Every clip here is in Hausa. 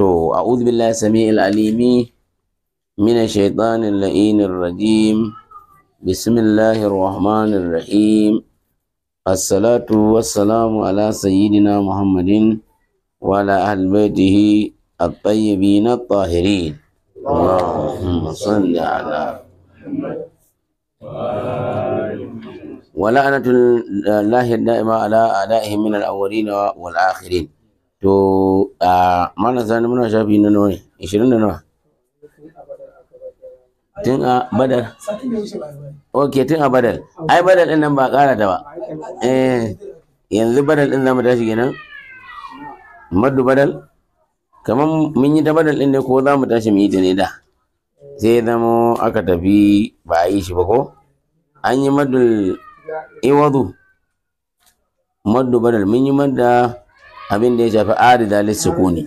تو أعوذ بالله سميع العليم من الشيطان اللئين الرجيم بسم الله الرحمن الرحيم الصلاة والسلام على سيدنا محمد وعلى أهل بيته الطيبين الطاهرين اللهم صل على محمد ولعنة الله الدائمة على أعدائه من الأولين والآخرين to a mana sani muna shafi na nawa ne ishirin da nawa tun a badal ok tun a badal ai badal din nan ba kara ta ba eh yanzu badal din nan mu tashi kenan maddu badal kamar mun yi ta badal din ne ko za mu tashi mu yi ta ne da sai zama aka tafi ba a yi shi ba ko an yi maddu iwadu maddu badal mun yi madda abin da ya shafi arida lissukuni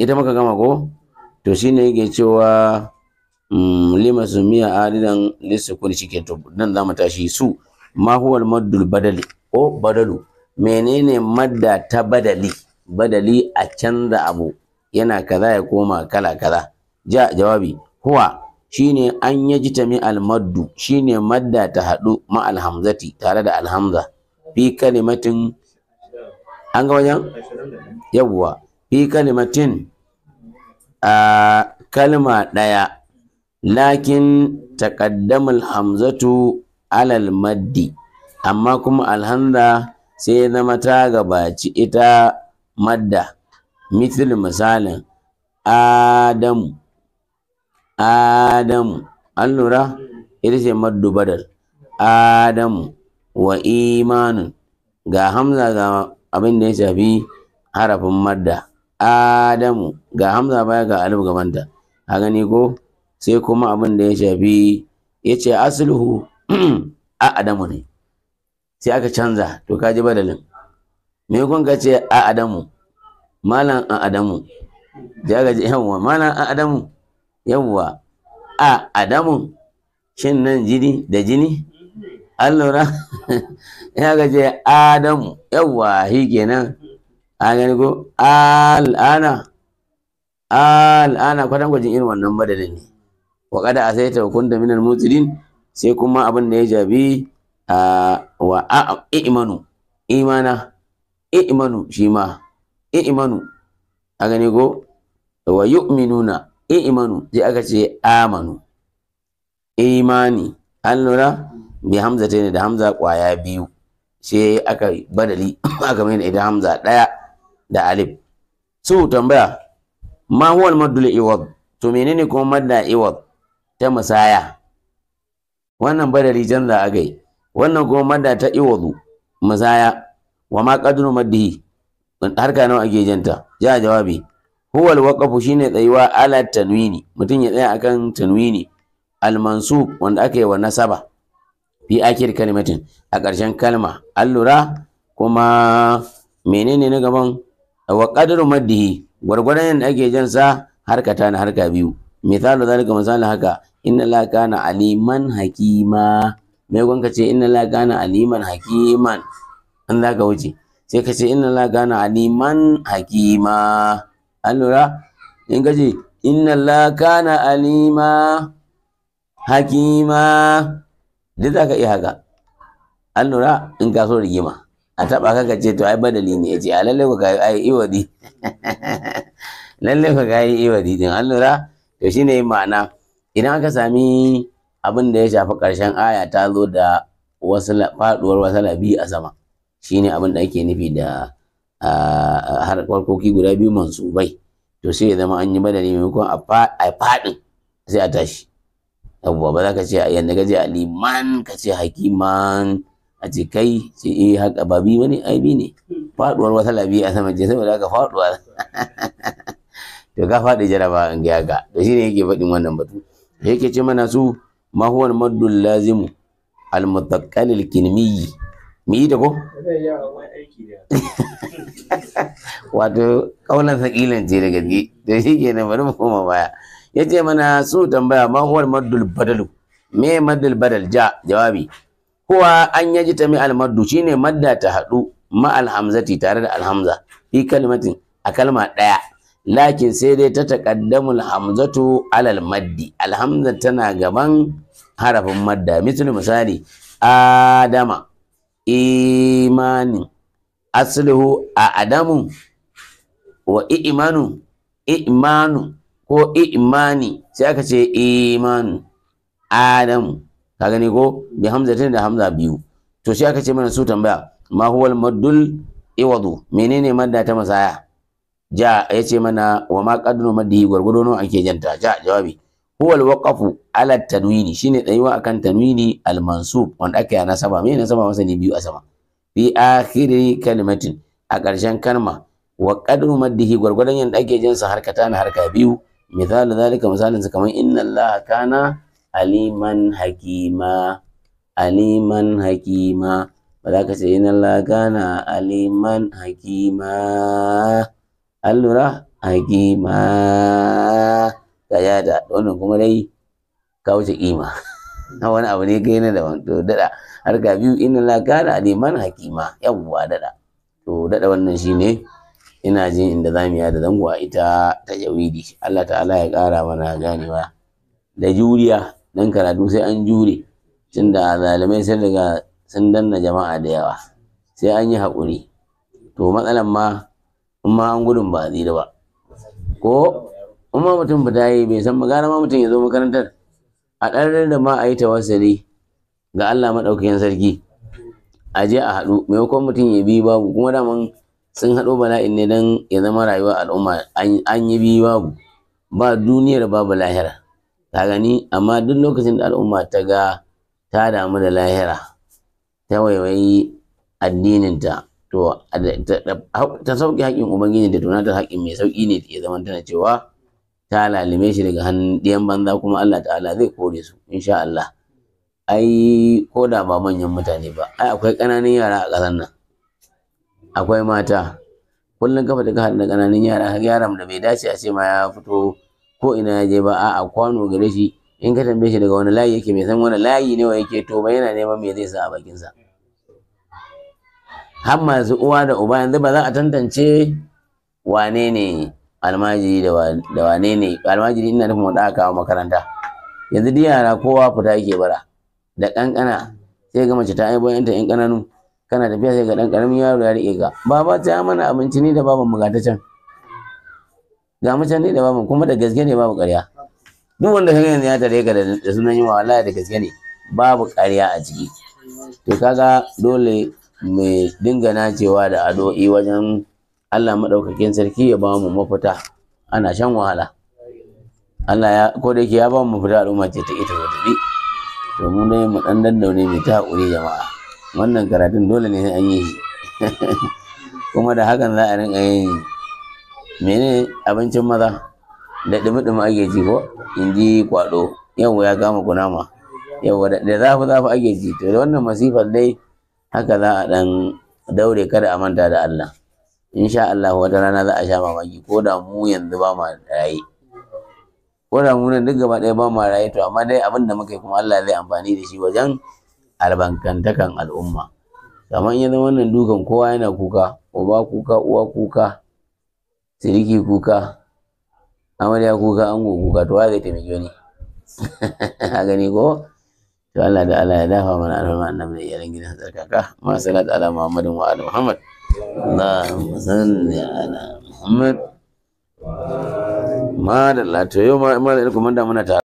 ita muka gama ko to shine yake cewa mm, lima sumiya aridan lissukuni shike to nan zamu tashi su ma huwa badali ko badalu menene madda ta badali badali a canza abu yana kaza ya koma kala kaza ja jawabi huwa shine an tami almaddu. Shi shine madda ta hadu ma alhamzati. tare da alhamza. fi kalimatin an ga wajen yawwa fi kalimatin a kalma ɗaya lakin taƙaddamul hamzatu alal maddi amma kuma alhamza sai zama ta gabaci ita madda mithil misalin adamu adamu an lura ita ce maddu badal adamu wa imanin ga hamza ga abin da ya shafi harafin madda adamu ga hamza baya ga alif gabanta a gani ko sai kuma abin da ya shafi ya ce asulhu a adamu ne sai aka canza to ka ji badalin me kun ka ce a adamu malam a adamu ya ga yawwa malam a adamu yawwa a adamu shin nan jini da jini allora ya gaje adamu yawa shi kenan an gani ko al'ana al'ana kwatankwacin irin wannan madadin ne wa kada a ta hukun da minan mutulin sai kuma abin da ya jabi wa imanu imana imanu shi ma imanu a gani ko wa yu'minuna imanu sai aka ce amanu imani an lura bi hamza ta ne da hamza kwaya biyu sai aka badali aka mai ita hamza ɗaya da alif su tambaya ma huwal maddul iwad to menene kuma madda iwad ta musaya wannan badali canza a gai wannan kuma madda ta iwadu musaya wa ma qadru maddihi harka nawa ake janta ja jawabi huwal waqafu shine tsayuwa ala tanwini mutum ya tsaya akan tanwini al-mansub wanda aka yi wa nasaba fi akhir kalimatin a ƙarshen kalma allura kuma menene na gaban wa qadru maddihi gwargwadon yadda ake jan sa harka ta na harka biyu misalu zalika misalin haka inna la kana aliman hakima mai gwanka ce inna la kana aliman hakiman an za ka wuce sai ka ce inna la kana aliman hakima an lura in ka ce inna la kana alima hakima duk za ka iya haka an lura in ka so rigima a taɓa ka ka ce to ai badali ne ya ce a lallai ku yi ai iwadi lallai ku yi iwadi din an lura to shine ma'ana idan aka sami abin da ya shafi ƙarshen aya ta zo da faɗuwar wasu labi a sama shine abin da ake nufi da har guda biyu mansubai to sai ya zama an yi badali maimakon a faɗin sai a tashi yawwa ba za ka ce yanda ka a liman ka ce hakiman a ce kai ce eh haka ba bi wani aibi ne faduwar wata labi a sama ce saboda haka faduwa to ka faɗi jaraba in ga ga to shine yake faɗin wannan batu yake ce mana su ma huwa maddul lazimu al mutaqqal al kinmi mi da ko wato ƙaunar sakilan ce da gaske to shikenan bari mu koma baya Ya ce mana su tambaya ma huwa maddul badalu me maddul badal ja jawabi huwa an yaji ta mi al maddu shine madda ta hadu ma hamzati tare da alhamza. hamza kalmatin a kalma ɗaya. lakin sai dai ta taqaddamu al hamzatu alal maddi al tana gaban harafin madda misali misali adama imanin aslihu a adamu wa imanu imanu ko imani sai aka ce imanu adamu ka gani ko bi Hamza tun da hamza biyu to sai aka ce mana su tambaya ma huwal maddul iwadu menene madda ta masaya ja ya ce mana wa ma qadru maddi gurgudo nawa ake janta ja jawabi huwal waqafu ala tanwini shine tsayuwa akan tanwini al mansub wanda ake yana saba me nasaba masa ne biyu a sama fi akhiri kalimatin a ƙarshen kalma wa qadru maddi gwargwadon yanda ake jansa harkata na harka biyu misali zalika misalin su kamar inna allaha kana aliman hakima aliman hakima ba za ka ce inna allaha kana aliman hakima allura hakima ga yada wannan kuma dai ka wuce kima wani abu ne kai na daban to dada har ga biyu inna allaha kana aliman hakima yawwa dada to dada wannan shine ina jin inda za mu yi da zango a ita ta jawidi Allah ta'ala ya kara mana ganewa da juriya dan karatu sai an jure da zalimai sai daga sun danna jama'a da yawa sai an yi haƙuri to matsalan ma in ma an gudun ba zira ba ko in ma mutum ba yi bai san magana ma mutum ya zo makarantar a ɗarar da ma a yi tawassali ga Allah maɗaukakin sarki a je a haɗu maimakon mutum ya bi babu kuma daman sun haɗo bala'in ne don ya zama rayuwa al'umma an yi biyu babu ba duniyar babu lahira ka gani amma duk lokacin da al'umma ta ga ta damu da lahira ta waiwayi addininta to ta sauƙi haƙƙin ubangiji da tunatar haƙƙin mai sauƙi ne ya zama tana cewa ta lalime shi daga hannun ɗiyan banza kuma Allah ta'ala zai kore su insha Allah ai ko da ba manyan mutane ba ai akwai ƙananan yara a ƙasar nan akwai mata kullum kafa da kahar da kananun yara Har yaran da bai dace a ce ma ya fito ko ina ya je ba a kwano gare shi in ka tambaye shi daga wani layi yake mai san wani layi ne wa yake to ba yana neman me zai sa a bakin sa har masu uwa da uba yanzu ba za a tantance wane ne almajiri da wane ne almajiri ina nufin wanda aka kawo makaranta yanzu duk yara kowa fita yake bara da ƙanƙana, sai ga mace ta aibo yanta ƴan kananu kana tafiya sai ga dan karamin yaro ya rike ka baba ta mana abinci ni da baban ga ta can ga mu can ni da baban kuma da gaske ne babu ƙarya duk wanda ka yanzu ya tare ka da sunan yi wallahi da gaske ne babu ƙarya a ciki to kaga dole mai dinga cewa da addu'o'i wajen Allah madaukakin sarki ya ba mu mafita ana shan wahala Allah ya ko da yake ya ba mu mafita al'umma ce ta ita ta to mun dai mu dan daddaune mai ta hakuri jama'a wannan karatun dole ne an yi kuma da hakan za a rinka yin mene abincin maza da dumi-dumi ake ji ko in ji kwado yau ya ku kunama yau da zafi-zafi ake ji, to da wannan masifar dai haka za a dan daure kada a manta da Allah insha Allah wata rana za a sha mamaki ko da mu yanzu ba ma raye ko da mu nan duk gaba ɗaya ba ma raye to amma dai abin da muka yi kuma Allah zai amfani da shi wajen albankantakan al'umma kamar yanzu wannan dukan kowa yana kuka uba kuka uwa kuka siriki kuka amarya kuka ango kuka to zai taimaki wani a gani ko to Allah da Allah ya dafa mana alfarma annabi da iyalan gidan tsarkaka ma salatu ala muhammadin wa ala muhammad Allahumma salli ala muhammad ma da Allah yau ma da kuma da muna tare